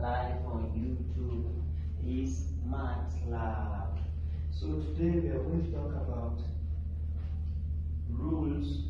live on YouTube is Max Lab. So today we are going to talk about rules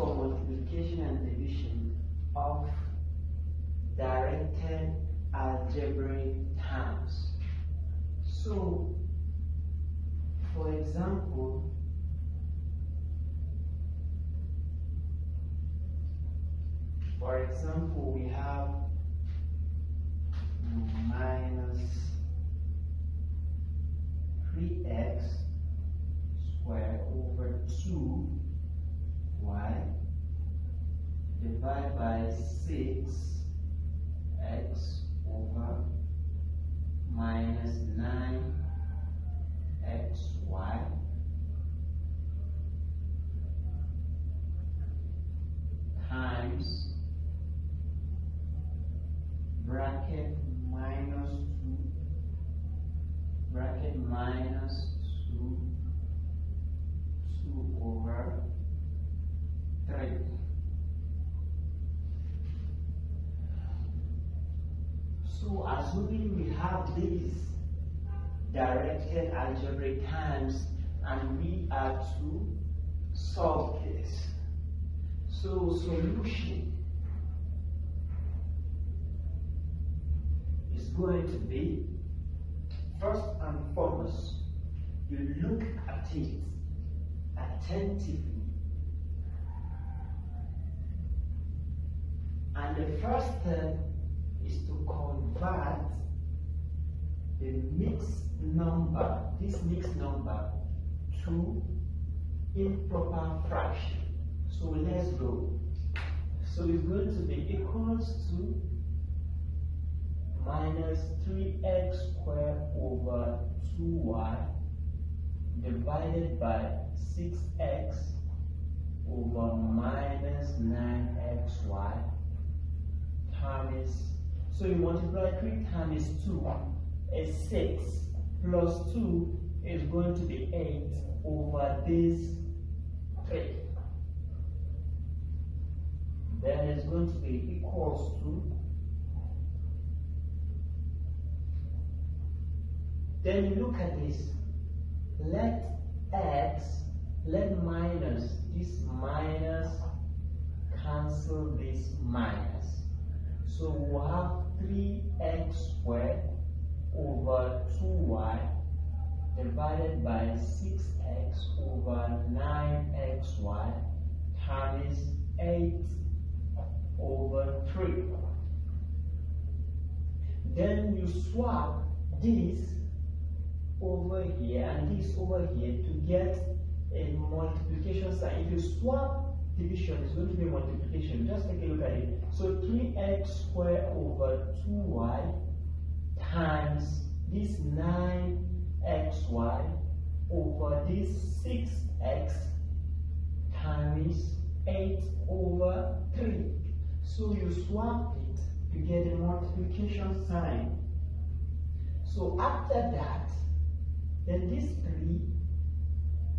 for multiplication and division of directed algebraic terms. So, for example, for example, we have So assuming we have these directed algebraic times and we are to solve this. So solution is going to be first and foremost you look at it attentively and the first step is to convert the mixed number, this mixed number, to improper fraction. So let's go. So it's going to be equals to minus 3x squared over 2y divided by 6x over minus 9 So you multiply 3 times 2 is 6 plus 2 is going to be 8 over this 3. Then it's going to be equals to Then you look at this. Let x, let minus, this minus cancel this minus. So we have 3x squared over 2y divided by 6x over 9xy times 8 over 3. Then you swap this over here and this over here to get a multiplication sign. If you swap division, it's going to be multiplication just take a look at it. So 3x squared over 2y times this 9xy over this 6x times 8 over 3. So you swap it, you get a multiplication sign. So after that, then this 3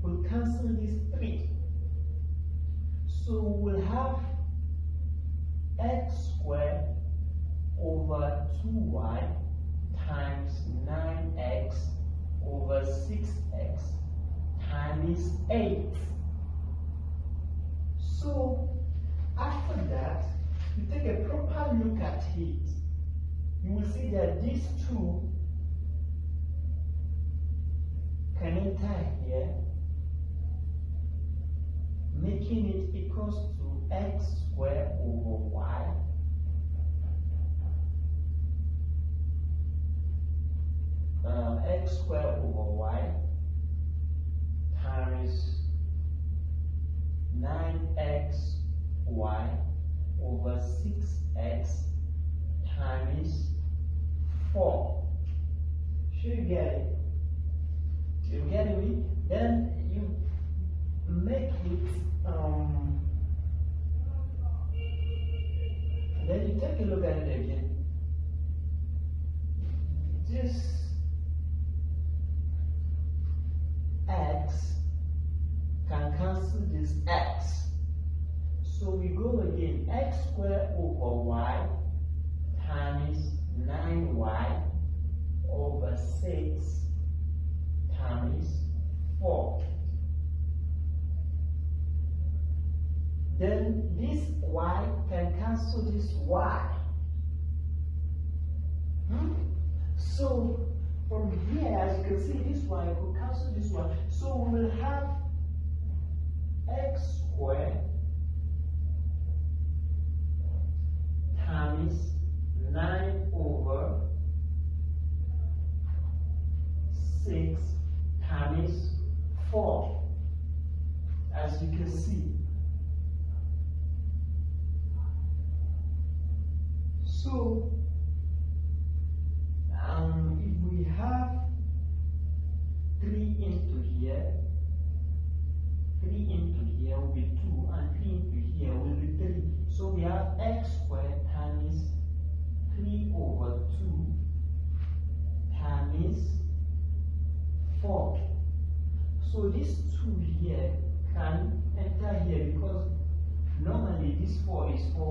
will cancel this 3. So we'll have x squared over 2y times 9x over 6x times 8. So after that, you take a proper look at it, you will see that these two can enter here, making it equals to x squared x squared over y times 9xy over 6x times 4. Should you get it? You get it? Then you make it, um, then you take a look at it again. Just. x can cancel this x. So we go again, x squared over y times 9y over 6 times 4. Then this y can cancel this y. Hmm? So from here, as you can see, this one, I could cancel this one. So we will have x squared times 9 over 6 times 4. As you can see, the 2 and 3 here will be 3. So we have x squared times 3 over 2 times 4. So this 2 here can enter here because normally this 4 is 4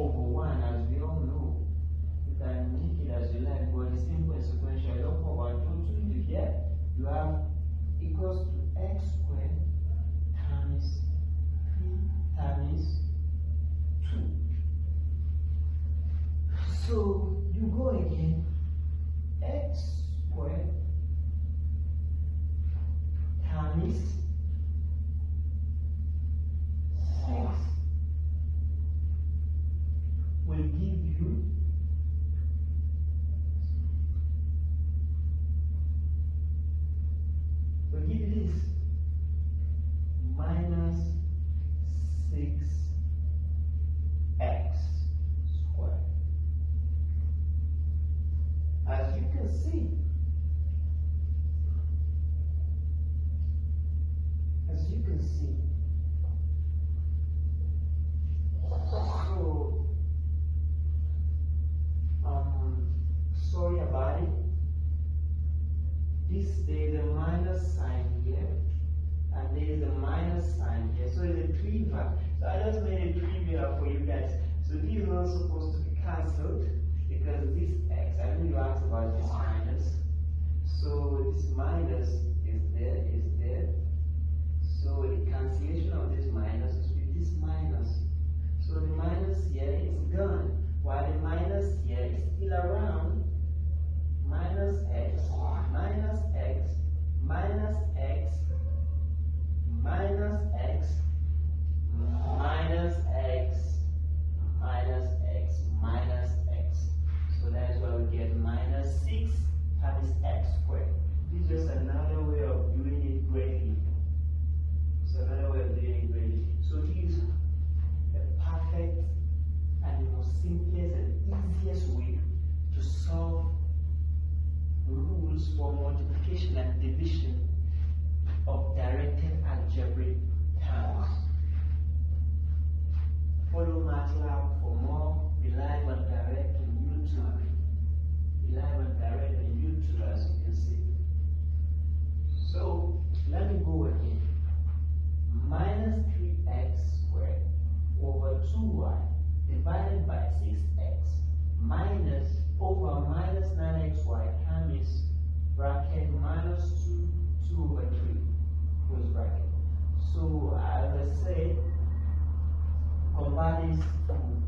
that is um,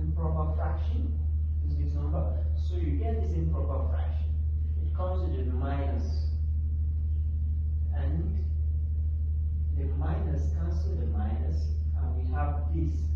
improper fraction is this number. So you get this improper fraction. It comes to the minus, minus. And the minus cancel the minus, and we have this